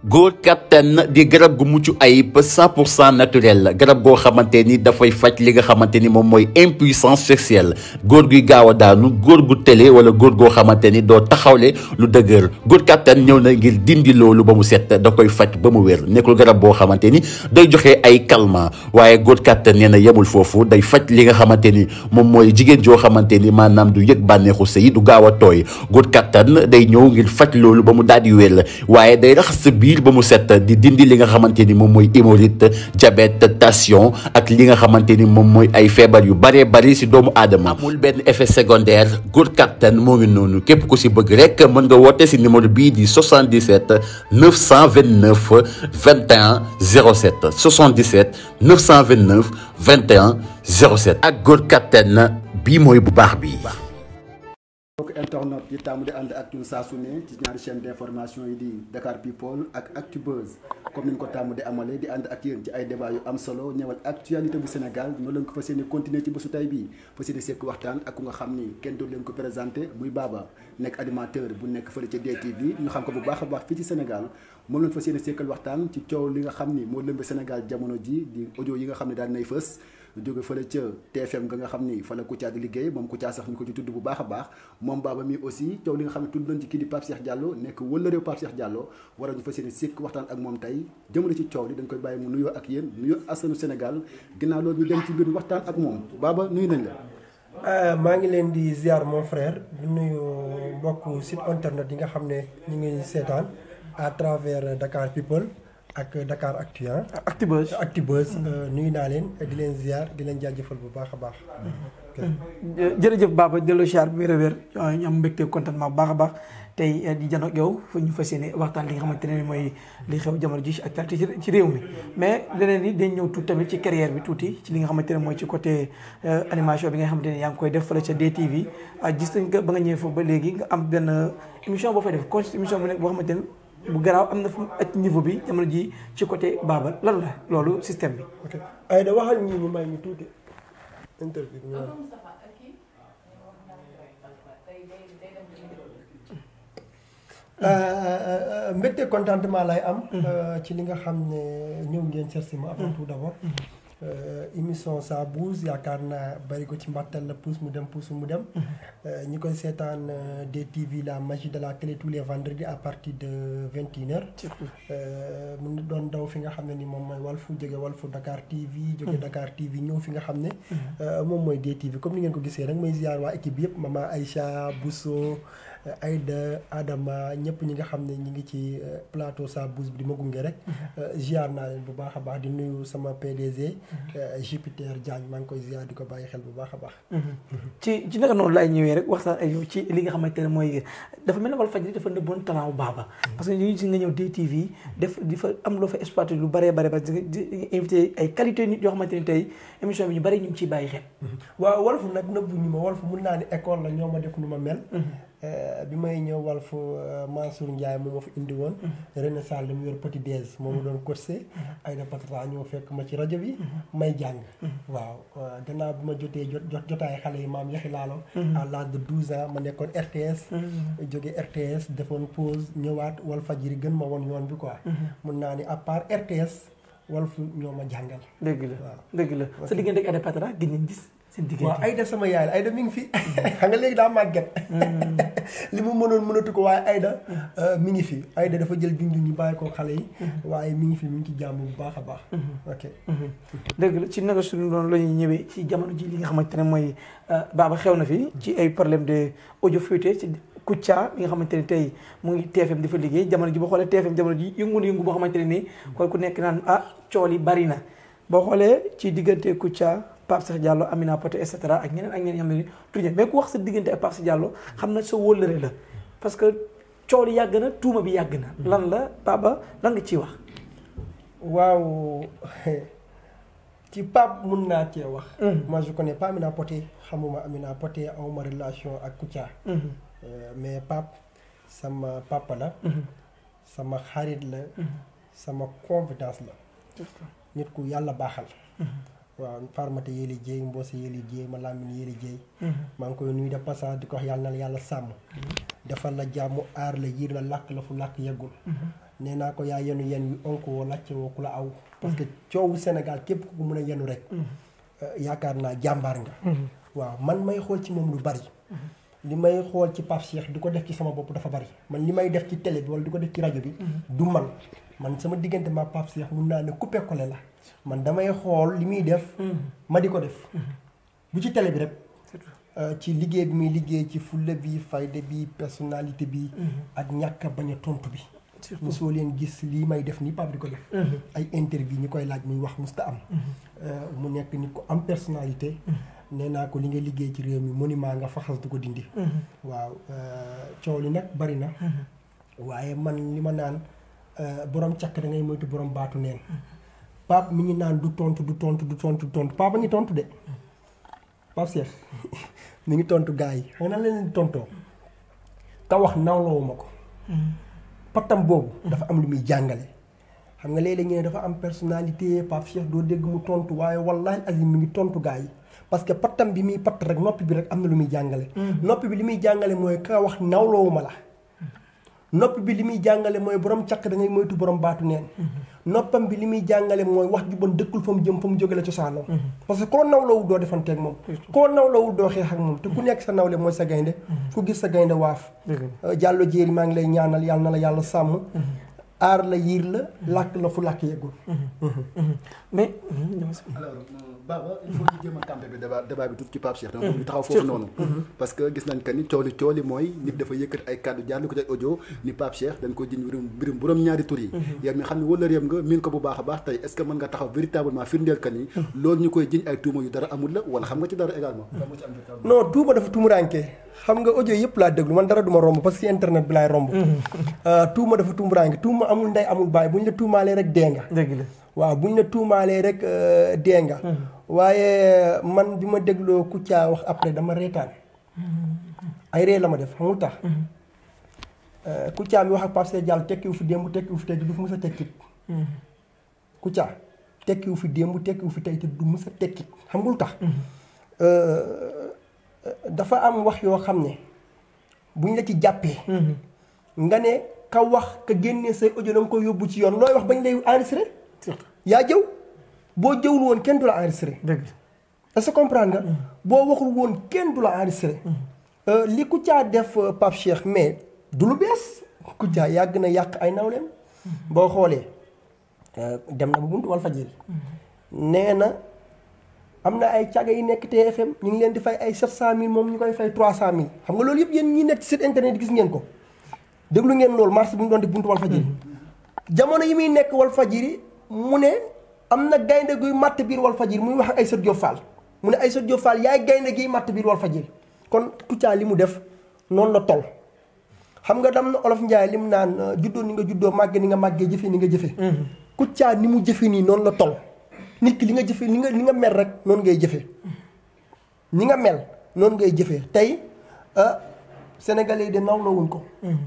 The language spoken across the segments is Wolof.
góor kattan di garab gu mucc ayib cent pour cent naturel garab goo xamante ni dafay faj li nga xamante ni moom mooy impuissance sexuelle góor guy gaaw daanu góor gu tële wala góor goo xamante ni doo taxawle lu dëgër góor kattan ñëw na ngir dindi loolu ba mu set da koy faj ba mu wér nekkul garab boo xamante ni day joxe ay calmants waaye góor kattan nee na yemul foofu day faj li nga xamante ni moom mooy jigéen joo xamante ni maanaam du yëg bànneexu sëy du gaaw a tooy góor kattan day ñëw ngir faj loolu ba mu daal di wér waaye huile ba mu set di dindi li nga xamante ni moom mooy hémorroïde diabète tension ak li nga xamante ni moom mooy ay feebar yu bëree bëri si doomu aadama amul benn effet secondaire góor kattan moo ngi noonu képp ku si bëgg rek mën nga woote si numéro bii di 77 929 21 07 77 929 21 07 ak góor kattan bii mooy bu baax bi mbokk internet yi taamu di ànd ak ñun saa su ne ci ñaari chaîne d'information yi di Dakar People ak Actubuzz di amale di ànd ak yéen ci ay débat yu am solo ñëwal actualité bu Sénégal ñoo leen ko fas yéene continuer ci bésu tay bii fas yéene sekk waxtaan ak ku nga xam ni kenn doon leen ko présenté muy Baba nekk animateur bu nekk fële ca DTV ñu xam ko bu baax a baax fii ci Sénégal moom leen fas yéene sekkal waxtaan ci coow li nga xam ni moo lëmbe Sénégal jamono ji di ojo yi nga xam ne daal nay fës jóge fële ca TFM nga nga xam ni fa la Kouthia di liggéey moom Kouthia sax ñu ko ci tudd bu baax a baax moom baaba mi aussi coow li nga xam ne tudd nañ ci kii di Pape Cheikh nekk wëllëreew Pape Cheikh Diallo war ñu fas yéene sikk waxtaan ak moom tey jëmale ci coow li dañ koy bàyyi mu nuyoo ak yéen nuyoo askanu Sénégal ginnaaw loolu ñu dem ci biir waxtaan ak moom baaba nuyu nañ la euh, maa ngi leen di ziar mon frère di nuyu mbokk site internet yi nga xam ne ñu ngi seetaan à travers Dakar People ak Dakar Actu ah. Actubuzz Actubuzz euh, nuyu naa leen di leen ziar di leen jaajëfal bu baax a baax. Euh, jërëjëf Baba delloo ziar bu wér a wér euh, ñu am mbégte contentement bu baax a baax tey di jano ak yow fu ñu fas waxtaan li nga xamante ne mooy li xew jamono ji ak ci ci réew mi. mais leneen yi dañ ñëw tuuti tamit ci carrière bi tuuti ci li nga xamante ne mooy ci côté animation bi nga xamante ne yaa ngi koy def fële ca DTV gis nañ ko ba nga ñëwee foofu ba léegi nga am benn émission boo fay def con émission bu nekk boo xamante ne bu garaaw am na fa ak niveau bi jamono ji ci côté Baabal lan la loolu système bi. ok ay da waxal ñii ñu may ñu tuuti interview ñu euh, euh, euh, mbégte contentement lay am. Mm-hmm. ci li nga xam ne ñëw ngeen chercher ma avant mm-hmm. tout d'abord. Mm-hmm. Euh, émission ça bouge yaakaar naa bari ko ci mbattal la pousse mu dem pousse mu dem. Euh, ñi koy seetaan euh, DTV la magie de la télé tous les vendredis à partir de vingt et une heures. mu doon daw fi nga xam ne ni moom fu Walfu jóge fu Dakar TV. jóge mm-hmm. Dakar TV ñëw fi nga xam ne. Mm-hmm. moom mooy DTV comme ni ngeen ko gisee rek mooy ziar waa équipe bi yëpp maman Aïcha Bousso. ay Aïda Adama ñëpp ñi nga xam ne ñu ngi ci euh, plateau Sabousse bi di ma gunge rek mhm. euh, ziar naa leen bu baax a baax di nuyu sama PDG mhm. euh, Jupiter Diagne maa ngi koy ziar di ko bàyyi xel bu baax a baax mhm. ci ci naka noonu laay ñëwee rek waxtaan ak yow ci li nga xamante ne mooy dafa mel ne Walfadjri dafa ne bon talent bu baaba parce que ñu si nga ñëw DTV def di fa am loo fa exploité lu bëree bëri parce que di invité ay qualité nit yoo xamante ne tey émission bi ñu bëri ñu ciy bàyyi xel waaw Walf nag naa école la ñoo ma def nu ma mel Euh, bi may ñëw Walf euh, Mansour njaay moom moo fi indi woon. Mm-hmm. René Sall mu yor petit déj. moom mu doon corsé. Mm-hmm. Aïda Patra ñoo fekk ma ci rajo bi. Mm-hmm. may jàng. waaw euh, gannaaw bi ma jotee jot jotaay xale yi maam yaxi laalo. à l'âge de douze ans ma nekkoon RTS. jóge RTS defoon pause ñëwaat Walfadjri gën ma woon yoon bi quoi. mun naa ni à part RTS Walf ñoo ma jàngal. dëgg la dëgg la sa diggante ak Aïda Patra gis nañ gis. seen diggante waaw Aïda sama yaay la Aïda mi ngi fi mm-hmm. xam nga léegi daa màgget mm-hmm. li mu mënoon mënatu ko waaye Aïda mm-hmm. euh, mi ngi fi Aïda dafa jël junjun ñu bàyyi ko xale yi waaye mi ngi fi mu ngi ci jàmm bu baax a baax ok dëgg la ci naka suñu noonu la ñuy ñëwee ci jamono ji li nga xamante ne mooy euh, baaba xew na fi ci ay problème de audio fuité ci Kouthia mi nga xamante ne tey mu ngi TFM dafa liggéey jamono ji boo xoolee TFM jamono ji yëngu na yëngu boo xamante ne nii koy ku nekk ah, yi bari na boo xoolee ci diggante Kouthia Pape Cheikh Amina Poté et cetera ne tuñe mais ku wax sa diggante xam na sa wóllëre la parce que coow yàgg na tuuma bi yàgg na lan la Papa lan nga ciy wax waaw ci Pape mun naa cee wax mm. moi je connais pas Amina Amina Poté awma relation ak mm-hmm. euh, mais Pape sama papa la mm-hmm. sama xarit la mm-hmm. sama confidence la nit ku yàlla baaxal waaw farmata yéeli jéey mboose yéeli jéey ma làmmin yéeli jéey mhm. maa ngi koy nuyu de passage di ko wax yàlla na la yàlla sàmm mhm. defal la jàmm aar la yiir la làkk la fu làkk yeggul mhm. nee naa ko yaa yenu yen wi onk woo làcce woo ku la aw parce que coowu Sénégal képp ku ko mën a yenu rek eh, yaakaar naa jàmbaar nga waaw man may xool ci moom lu bari li may xool ci Pape Cheikh di ko def ci sama bopp dafa bari man li may def ci télé bi wala di ko def ci rajo bi. Mhm. du man man sama diggante ma Pape Cheikh mun naa ne coupé collé la man damay xool li muy def. Mhm. ma di ko def. Mhm. bu ci tele bi rek. Euh, ci liggéey bi muy liggéey ci fulla bi fayda bi personnalité bi. ak ñàkk a bañ a tontu bi. surtout mosoo leen gis lii may def nii Pape di ko def. ay interview ñi koy laaj muy wax musta am. Euh, mu nekk nit ko am personnalité. nee naa ko li nga liggéey ci réew mi monument nga faxas du ko dindi. Mm-hmm. waaw euh, coow li nag bari na. Mm-hmm. waaye man li ma naan euh, borom caq dangay moytu borom baatu neen. Mm-hmm. Pape mi ngi naan du tontu du tontu du tontu du tontu Pape a ngi tontu de. Pape Cheikh mi ngi tontu gars yi na leen tontoo. ka wax nawloowu ko. pattam boobu. dafa am lu muy jàngale. xam nga léeg ngeen dafa am personnalité Pape Cheikh doo dégg mu tontu waaye wallaahi azim mi ngi tontu gars yi. parce que pattam bi muy patt rek noppi bi rek am na lu muy jàngale. Mm. noppi bi li muy jàngale mooy ka wax nawloowuma la. noppi bi li muy jàngale mooy borom caq da moytu borom baatu neen. Mm-hmm. noppam bi li muy jàngale mooy wax ju bon dëkkul fa mu jëm fa mu jóge la cosaanoo mm-hmm. parce que koo nawlawul doo defanteeg moom koo nawlawul doo xeex ak moom te ku nekk sa nawle mooy sa gaynde mm-hmm. ku gis sa gaynde waaf jàllo jéeri maa ngi lay ñaanal yàlla na la yàlla sàmm aar la yiir la làkk la fu làkk yeggul. mais. alors euh, Baba il faut ñu jéem a campé bi débat bi tuuti ci Pape Cheikh. donc ñu taxaw foofu noonu. parce gis nañ que cooli cooli mooy nit dafa yëkkat ay kàddu jaar ko ko jiñ mbirum mbirum borom ñaari tur yi. Mhm. yow mi xam ne wala réew nga miin ko bu baax a baax tey est ce mën nga taxaw véritablement firndeel que ni. Mhm. loolu ñu koy jiñ ay tuuma yu dara amul la wala xam nga ci dara également. non tuuma dafa tuuma xam nga audio yëpp laa déglu man dara du ma romb parce internet bi laay romb. Mhm. Euh, tuuma dafa tuumuraange tuuma amul ndey amul baay bu ñu la tuumaalee rek dee nga. bu ñu la tuumaalee rek euh, dee nga. Mhm. waaye euh, man bi ma dégloo Kouthia wax après dama reetaan. Mhm. ay ree la ma def xamul tax. Kouthia mi wax ak Pape Seye Diallo tekkiwu fi démb tekkiwu fi tey du a du mës a tekkit xam nga tax. dafa am wax yoo xam ne buñ la ci jàppee. Mhm. nga ne ka wax ka génnee say ojo na nga ko yóbbu ci yoon looy wax bañ lay enregistré. yaa jëw boo jëwul woon kenn du la enregistré. dëgg est-ce que mhm. boo waxul woon kenn du la enregistré. Mhm. Euh, li ku ca def euh, Pape Cheikh mais du lu bees ku caa yàgg na yàq ay nawleem. boo xoolee euh, dem na bu buntu Walfadjri nee na. am na ay caga yi nekk TFM ñu ngi leen ay fay ay 700000 moom ñu koy fay 300000 xam nga loolu yëpp yéen ñi nekk ci site internet gis ngeen ko déglu ngeen loolu marché bi mu doon di buntu Walfadjri mm-hmm. jamono yi muy nekk wal Walfadjri mu ne am na gaynde guy màtt biir wal Walfadjri muy wax ay Aïssatou Diop mu ne ay Diop Fall yaay gaynde gi matt biir Walfadjri kon Kouthia li mu def noonu la toll xam nga dam na Olof Njaay li mu naan juddoo ni nga juddoo màgge ni nga màggee jëfee ni nga jëfee mm-hmm. Kouthia ni mu jëfee nii noonu la toll nit ki li nga jëfee ni nga nga mel rek noonu ngay jëfee ni nga mel noonu ngay jëfee tey ah, sénégalais yi de nawloowuñ ko. Mm-hmm.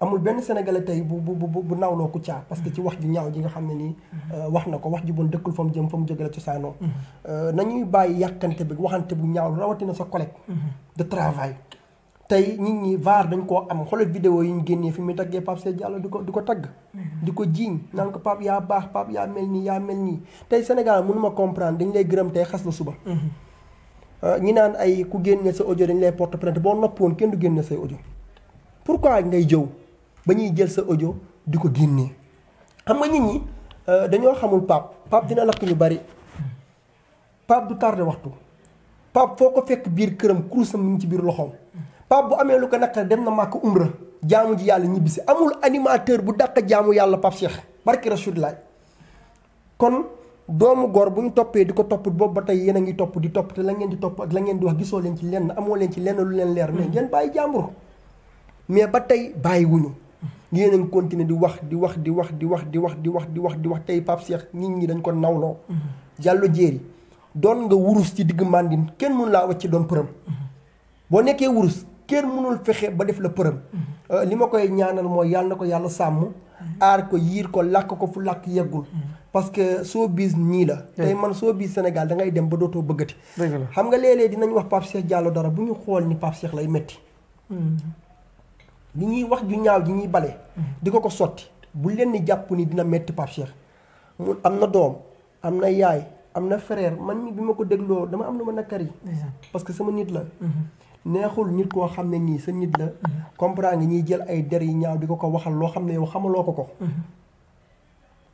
amul benn sénégalais tey bu bu bu bu nawloo Kouthia parce que ci wax ju ñaaw ji nga xam ne nii. Mm-hmm. Ah, wax na ko wax ju bon dëkkul fa jëm fa mu jóge la mm-hmm. ah, na ñuy bàyyi yàqante bi waxante bu ñaaw rawatina sa collègue. de travail. tey nit ñi vaar dañ koo am xoolal vidéo yi ñu génnee fi muy taggee Pape Seye Diallo di ko di ko tagg. Mhm. di ko jiiñ naan ko Pape yaa baax Pape yaa mel nii yaa mel nii tey Sénégal mënuma comprendre dañ lay gërëm tey xas la suba. Mhm. Ah, ñi naan ay ku génne sa ojo dañ lay porte plainte boo nopp woon kenn du génne say audio pourquoi ngay jëw ba ñuy jël sa audio di ko génnee xam nga nit ñi euh, dañoo xamul Pape Pape dina lakk ñu bari Pape du tardé waxtu Pape foo ko fekk biir këram kurusam mu ngi ci biir loxoom. Mhm. Pape bu amee lu ko naqari dem na màkk umra jaamu ji yàlla ñibbisi amul animateur bu dàq jaamu yàlla Pape Cheikh barki Rasulullah kon doomu góor bu ñu toppee di ko topp boobu ba tey yéen a ngi topp di topp te la ngeen di topp ak la ngeen di wax gisoo leen ci lenn amoo leen ci lenn lu leen leer mais ngeen bàyyi jàmbur mais ba tey bàyyiwuñu wuñu yéen a ngi continuer di wax di wax di wax di wax di wax di wax di wax di wax tey Pape Cheikh nit ñi dañ ko nawloo jàllo jéeri doon nga wurus ci digg mandin kenn mënu laa wacc doon përëm kenn mënul fexe ba def la përëm euh, li ma koy ñaanal mooy yàlla na ko yàlla sàmm aar ko yiir ko làkk ko fu làkk yeggul parce que soo biis nii la tey man soo biis Sénégal da ngay dem ba dootoo bëggati xam nga léeg-léeg dinañ wax Pape Cheikh Diallo dara bu ñu xool ni Pape lay metti hmm. ñuy wax ju ñaaw ji ñuy bale hmm. di ko ko sotti bu leen ni jàpp ni dina metti Pape Cheikh am na doom am na yaay am na frère man mi bi ma ko dégloo dama am na ma nakkar yi parce sama nit la hmm. neexul nit koo xam ne nii sa nit la mm-hmm. comprendre nga ñuy jël ay der yi ñaaw di ko ko waxal loo xam ne yow xamaloo ko ko mm-hmm.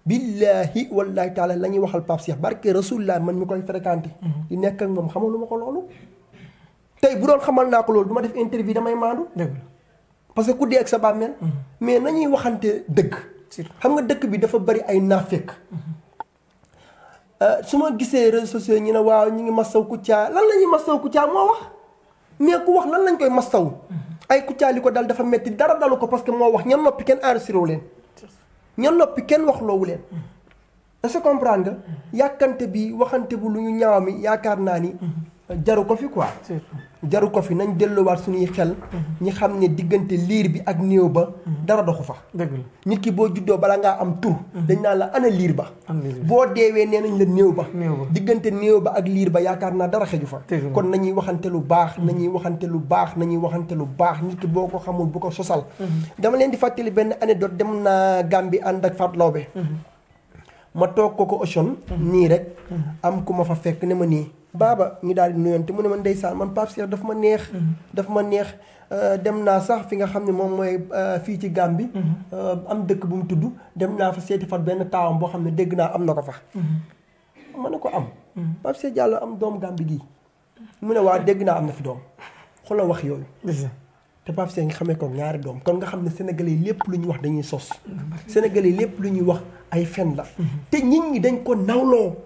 billaahi wallaahi taala la ñuy waxal Pape Cheikh barke rasulillah man mi koy fréquenté mm-hmm. di nekk ak moom xamaluma ko loolu tey bu doon xamal naa ko loolu du ma def interview damay maandu parce que ku dee ak sa bàmmeel mais nañuy waxante dëkk xam nga dëkk bi dafa bari ay naafeq euh, su ma gisee réseaux sociaux ñu ne waaw ñu ngi masaw Kouthia lan la ñuy masaw Kouthia moo wax mais ku wax lan lañ koy mastaw mm-hmm. ay Kouthia li ko dal dafa metti dara dalu ko parce que moo wax ñan noppi kenn enregistré wu leen ñan noppi kenn wax loowu leen mm-hmm. est-ce que nga mm-hmm. yàkkante bi waxante bu lu ñu ñaaw mi yaakaar naa ni jaru ko fi quoi. jaru ko fi nañ waat suñuy xel. Mhm. ñi xam ne diggante liir bi ak néew ba. Mhm. dara doxu fa. nit ki boo juddoo bala ngaa am tur. Mhm. dañ naan la ana liir ba. boo deewee nee nañ la néew ba. diggante néew ba ak liir ba yaakaar naa dara xeju fa. kon nañuy waxante lu baax nañuy waxante lu baax nañuy waxante lu baax nit ki boo ko xamul bu ko sosal. dama leen di fàttali benn anecdote dem naa Gambie ànd ak Fatou Laobé ma toog ko ko ocean nii rek. a ku ma fa ne ma nii. baaba ñu daal di nuyoon te mu ne ma ndeysaan man Pape Cheikh daf ma neex. Mm-hmm. dafa ma neex euh, dem naa sax fi nga xam ne moom mooy euh, fii ci Gàmbi mm-hmm. euh, am dëkk bu mu tudd dem naa fa seeti fat benn taawam boo xam ne dégg naa am na ko fa. Mm-hmm. ne ko am. Pape am doom Gàmbi gii. mu ne waa dégg naa am na fi doom xoolal wax yooyu. te Pape Cheikh nga xamee ko ñaari doom kon nga xam ne yi lépp lu ñuy wax dañuy sos. yi lépp lu ñuy wax ay fen la. te nit ñi dañ ko nawloo.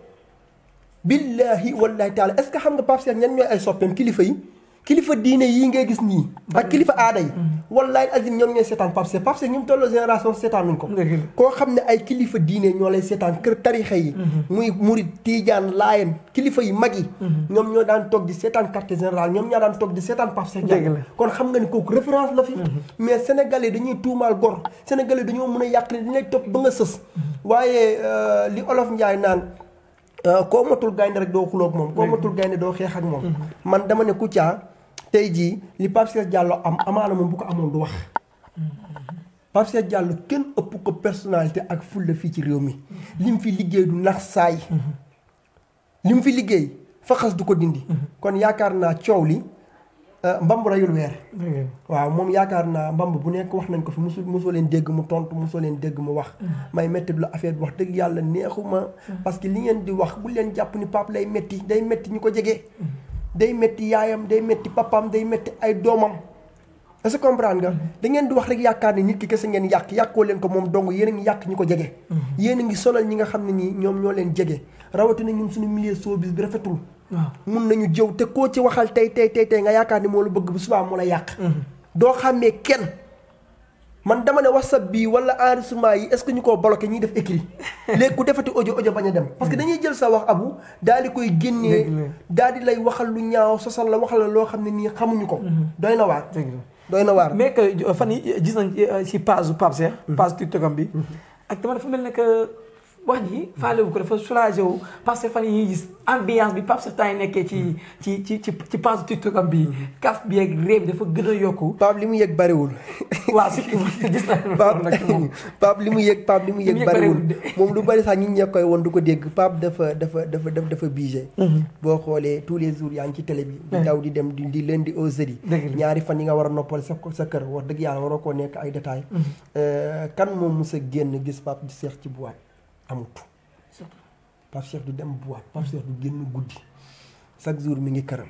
billahi wallahi taala est que xam nga Pape Cheikh ñan ñooy ay soppeem kilifa yi kilifa diine yii ngay gis nii ak kilifa aada yi mm. wallahi azim ñoom ñooy seetaan Pape Cheikh tolloo génération seetaanuñ ko koo xam ne ay kilifa diine ñoo lay seetaan kër tarixa yi mm-hmm. muy murid tiijaan laayeen kilifa yi mag yi mm-hmm. ñoom ñoo daan toog di seetaan quartier général ñoom ñoo daan toog di seetaan Pape kon xam nga ni kooku référence la fi mm-hmm. mais sénégalais dañuy tuumaal a Euh, koo matul gaynde rek doo xulóog moom koo matul gaynde doo xeex ak moom mhm. man dama ne Kouthia tey jii li Pape Cheikh am amaana moom bu ko amoon du wax mhm. Pape Cheikh Diallo kenn ëpp ko personnalité ak fulla fii ci réew mi li mu fi liggéey du nax saay mhm. li mu fi liggéey faxas du ko dindi kon yaakaar naa coow li Euh, mbamb rayul weer waaw moom yaakaar naa mbamb bu nekk wax nañ ko fi musu mosoo leen dégg mu tontu mosoo leen dégg mu wax mm-hmm. may metti lu affaire bi wax dëgg yàlla neexuma mm-hmm. parce que li ngeen di wax bu leen jàpp ni pap lay metti day metti ñu ko jege. Mm-hmm. day metti yaayam day metti papaam day metti ay doomam est-ce que nga da ngeen di wax rek yaakaar ne nit ki kese ngeen yàq yàqoo leen ko moom dong yéen a ngi yàq ñi ko jege. yéen a ngi sonal ñi nga xam ne nii ñoom ñoo leen jege rawatina ñun suñu milieu showbiz bi rafetul mun nañu jëw te koo ci waxal tey tey tey tey nga yaakaar ni moo la bëgg bu subaa mu la yàq. Mhm. doo xàmmee kenn man dama ne wax whatsapp bii wala enregistrement yi est ce que ñu ko bloqué ñuy def écrit léegi ku defati ojo ojo bañ a dem. parce que mhm. dañuy jël sa wax abu daal di koy génnee. daal di lay waxal lu ñaaw sosal la waxal la loo xam ne nii xamuñu ko. Mhm. doy na waar. doy na waar mais que euh, fan yi euh, gis nañ euh, ci page Pape Cheikh. page TikTokam bi. ak dama dafa mel ne wax ji faale wu ko dafa soulagé wu parce que fan yi gis ambiance bi Pape Cheikh Taye nekkee ci ci ci ci ci page TikTok am bi kaf bi ak réew bi dafa gën a yokk Pape li mu yëg bariwul waaw surtout gis naa Pape li mu yëg Pape li mu yëg bariwul moom lu bari sax ñi ñee koy woon du ko dégg Pape dafa dafa dafa daf dafa bigé mhm. boo xoolee tous les jours yaa ngi ci télé bi di daw di dem di lundi au jeudi ñaari fan yi nga war a noppal sa sa kër wax dëgg yàlla waroo koo nekk ay détails mhm. euh, kan moom mos a génn gis Pape seex ci boîte amut Pape Cheikh du dem boîte Pape Cheikh du génn guddi chaque jour mi ngi këram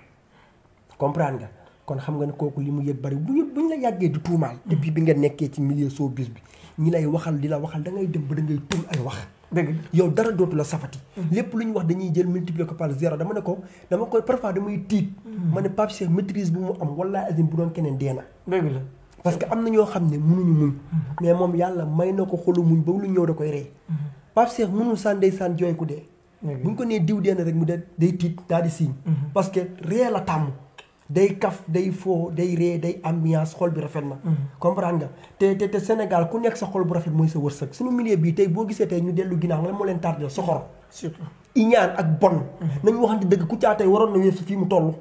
comprendre nga kon xam nga ne kooku li mu yëg bari bu ñu bu ñu la yàggee di tuumaal mm-hmm. depuis bi nga nekkee ci milieu showbiz bi ñi lay waxal di la waxal da ngay dem ba da ngay ay wax dëgg yow dara dootu la safati mm-hmm. lépp lu ñu wax dañuy jël multiplier ko par zéro dama ne ko dama koy parfois damay tiit mm-hmm. ma ne Pape Cheikh maîtrise mu am wala azim bu doon keneen dee na dëgg la parce que am na ñoo xam ne mënuñu muñ mais moom yàlla may na ko xolu muñ ba lu ñëw da koy rey Pape Cheikh mënul saan ndeysaan jooy ku dee. bu ñu ko nee diw dee na rek mu de day tiit daal di siiñ. Mhm. parce que ree la tàmm. day kaf day foo day ree day ambiance xol bi rafet na. Mhm. comprendre nga te te te Sénégal ku nekk sa xol bu rafet mooy sa wërsëg. suñu milieu bii tey boo gisee tey ñu dellu ginnaaw lan moo leen tardé soxor. surtout iñaan ak bon. Mhm. nañu waxante dëgg ku caatee waroon na weesu fii mu toll.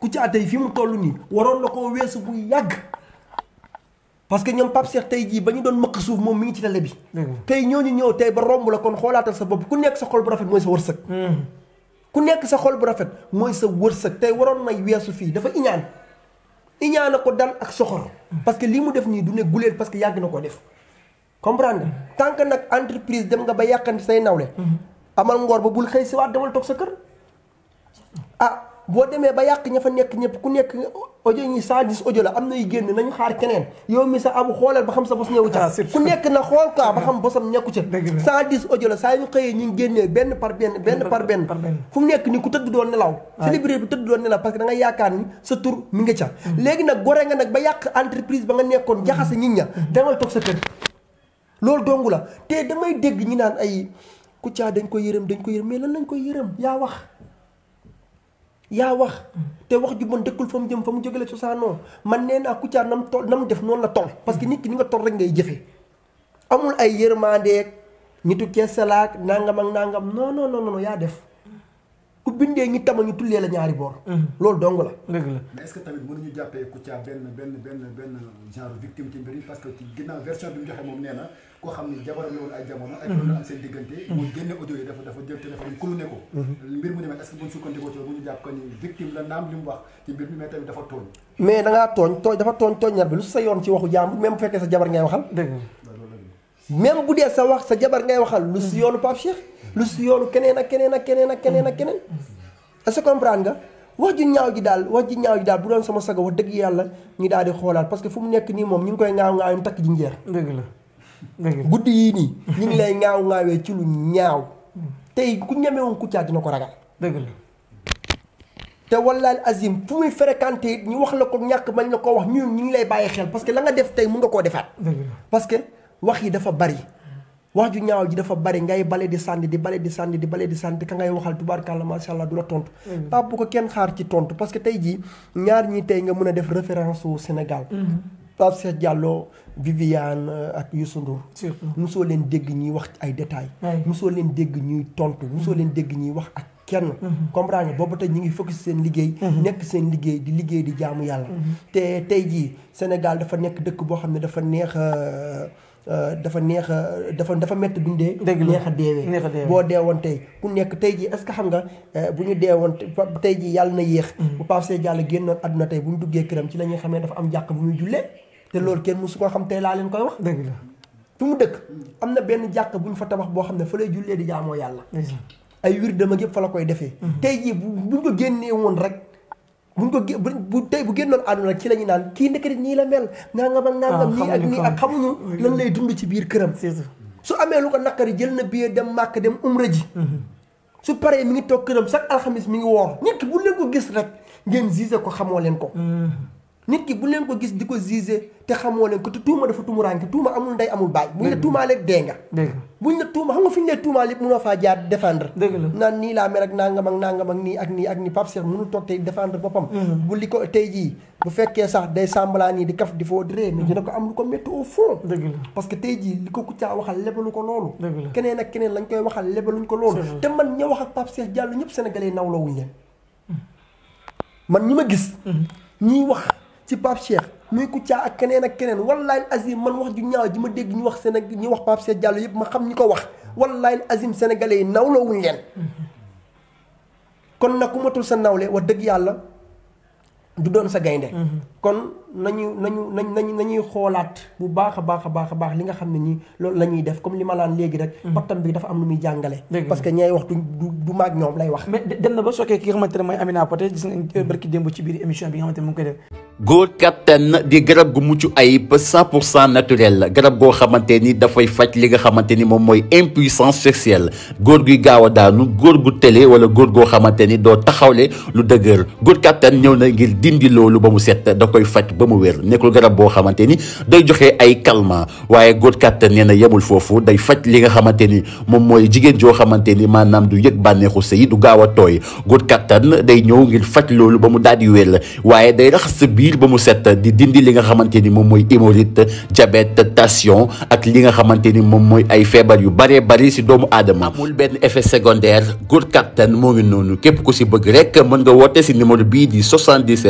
ku caatee fii mu toll nii. waroon na koo weesu bu yàgg. parce que ñoom Pape Cheikh tey jii ba ñu doon mëq suuf moom mi ngi ci télé bi. tey ñooñu ñëw tey ba romb la kon xoolaatal sa bopp ku nekk sa xol bu rafet mooy sa wërsëg. Hmm. sa tey waroon may weesu fii dafa iñaan iñaan a ko dal ak soxor. parce que lii mu def nii du ne guleel parce que yàgg na ko def. comprendre nga hmm. tant que nag entreprise dem nga ba yàqante say nawle. Hmm. amal ngoor ba bul xëy si waat demal toog sa kër ah boo demee ba yàq ña fa nekk ñëpp ku nekk ojo ñi cent ojo la am nay génn nañu xaar keneen yow mi sa abu xoolal ba xam sa bos ñëw ca ah, ku nekk na xool quoi ba xam bosam ñekku ca cent dix audio la saa yu xëyee ñu génnee benn par benn benn par benn fu nekk ni ku tëdd doon nelaw ah. célébrité bi tëdd doon nelaw parce que da nga yaakaar ni sa tur mi nga ca hmm. léegi nag gore nga nag ba yàq entreprise ba nga nekkoon jaxase nit ña hmm. dangal toog sa kër loolu dongu la te damay dégg ñi naan ay Kouthia dañ koy yërëm dañ koy yërëm mais lan lañ koy yërëm yaa wax yaa wax te wax ju bon dëkkul fa mu jëm fa mu jógele cosaanoo man nee naa Kouthia nam na nam def noonu la tol parce que nit ki ni nga tol rek ngay jëfee amul ay yërmandeeg ñitu keesalaak nangam ak nangam non non non non yaa def ku bindee ñi tama ñu tullee la ñaari boor mm-hmm. loolu dong la dëgg la mais est-ce que tamit mënuñu jàppee Kouthia benn benn benn benn genre victime ci mbir yi parce que ci ginnaaw version bi mu joxe moom nee na koo xam ne jabaram la woon ay jamono ay problème mhm. am seen diggante mhm. mu génne audio yi dafa dafa jël téléphone kulu ne ko mhm. mbir mu demee est-ce que buñ sukkandikoo ci bu ñu jàpp ko ni victime la naam li mu wax ci mbir mi mais tamit dafa tooñ mais da ngaa tooñ tooñ dafa tooñ tooñ ñaar bi lu sa yoon ci waxu jàmbur même bu fekkee sa jabar ngay waxal même bu dee sa wax sa jabar ngay waxal lu si yoonu Pape Cheikh lu si yoonu keneen ak keneen ak keneen ak keneen ak keneen est-ce que comprendre nga wax ju ñaaw ji daal wax ju ñaaw ji daal bu doon sama sago wax dëgg yàlla ñu daal di xoolaat parce que fu mu nekk nii moom ñu ngi koy ngaaw ngaawum takk ji njeex dëgg la guddi yii nii. ñu ngi lay ñaaw ñaawee ci lu ñaaw. tey ku ñemewoon Kouthia na ko ragal. dëgg la. te wallahi azim fu muy fréquenté ñu wax la ko ñàkk bañ la ko wax ñun ñu ngi lay bàyyi xel parce que la nga def tey mu nga koo defaat. parce que wax yi dafa bari. wax ju ñaaw ji dafa bari ngay bale di sànni di bale di sànni di bale di sànni ka ngay waxal tubaarkàlla macha allah du la tontu. Pape bu ko kenn xaar ci tontu parce que tey jii ñaar ñi tey nga mën a def référence au Sénégal. Mm-hmm. Pape Cheikh Diallo Viviane euh, ak Youssou Ndour musoo leen dégg ñuy wax ay détails mosoo leen dégg ñuy tontu musoo leen dégg ñuy wax ak kenn mhm. comprendre nga boobu tey ñu ngi focus seen liggéey mhm. nekk seen liggéey di liggéey di jaamu yàlla mhm. te tey jii Sénégal dafa nekk dëkk boo xam ne dafa neex euh, dafa neex a dafa dafa métti dundee. dëgg neex a deewee boo deewoon tey ku nekk tey jii est-ce que xam nga euh, bu ñu deewoon tey jii yàlla na yéex. bu Pape Seye Diallo génnoon àdduna tey bu ñu duggee këram ci la xam ne dafa am jàkk bu te loolu kenn mosu koo xam tey laa leen koy wax. dëgg la fi mu dëkk am na benn jàkk bu ñu fa tabax boo xam ne fa lay jullee di jaamoo yàlla. ay dem dama yëpp fa la koy defee. Mhm. tey jii bu ñu ko génnee woon rek. buñ ko bu tey bu génnoon àdduna rek ci la ñu naan kii ndekete nii la mel. nangam ak nangam nii ah, ak nii ak xamuñu lan lay dund ci biir këram. su amee lu ko naqari jël na billet dem màkk dem umra ji. Mhm. su paree mi ngi toog këram chaque alxamis mi ngi woor. nit bu leen ko gis rek ngeen gisé ko xamoo leen ko. Mhm. nit ki bu leen ko gis di ko jugé te xamoo leen ko tuuma dafa tumuraanke tuuma amul ndey amul baay buñ la tuumaalee dee nga buñ xam nga fi ñu lay tuumaal yëpp mënoo faa jaar défendre naan nii laa mer ak nangam ak nangam ak nii ak nii ak nii Pape Cheikh mënul toog tey défendre boppam bu li ko tey jii bu fekkee sax day semblant nii di kaf di foo di ree mais dina ko am lu ko métti au fond parce que tey jii li ko Kouthia waxal lebalu ko loolu keneen ak keneen lañ koy waxal lebaluñ ko loolu te man ñi ma ci Pape Cheikh muy Kouthia ak keneen ak keneen wallaahi azim man wax ju ñaaw ji ma dégg ñu wax Sénégal ñu wax Pape jàll Diallo yëpp ma xam ñi ko wax wallaahi azim sénégalais yi nawlawuñ leen kon nag ku matul sa nawle wax dëgg yàlla du doon sa gaynde mhm. kon nañu nañu nañ nañ nañuy xoolaat bu baax a baax a baax a baax li nga xam ne nii loolu la ñuy def comme li ma léegi rek bottam mhm. bi dafa am lu muy jàngale parce que ñay wax du du maag ñoom lay wax mais dem na ba sookee ki nga xamante ne mooy Amina Poté euh, biir émission bi nga xamante ne mu ngi garab gu mucc ayib cent pour cent naturel garab goo xamante ni dafay faj li nga xamante ni moom mooy impuissance sexuelle góor guy gaaw a daanu góor gu télé wala góor goo xamante ni doo taxawle lu dëgër góor kattan ñëw na ngir dindi loolu ba mu set da koy faj ba mu wér nekkul garab boo xamante ni day joxe ay calmant waaye góor kàttan nee na yemul foofu day faj li nga xamante ni moom mooy jigéen joo xamante ni maanaam du yëg bànneexu sëy du gaaw a tooy góor kàttan day ñëw ngir faj loolu ba mu daal di wér waaye day raxas sa biir ba mu set di dindi li nga xamante ni moom mooy hémorroïde diabète tension ak li nga xamante ni moom mooy ay feebar yu baree bari si doomu aadama amul benn effet secondaire góor kàttan moo ngi noonu képp ku si bëgg rek mën nga woote si numéro bii di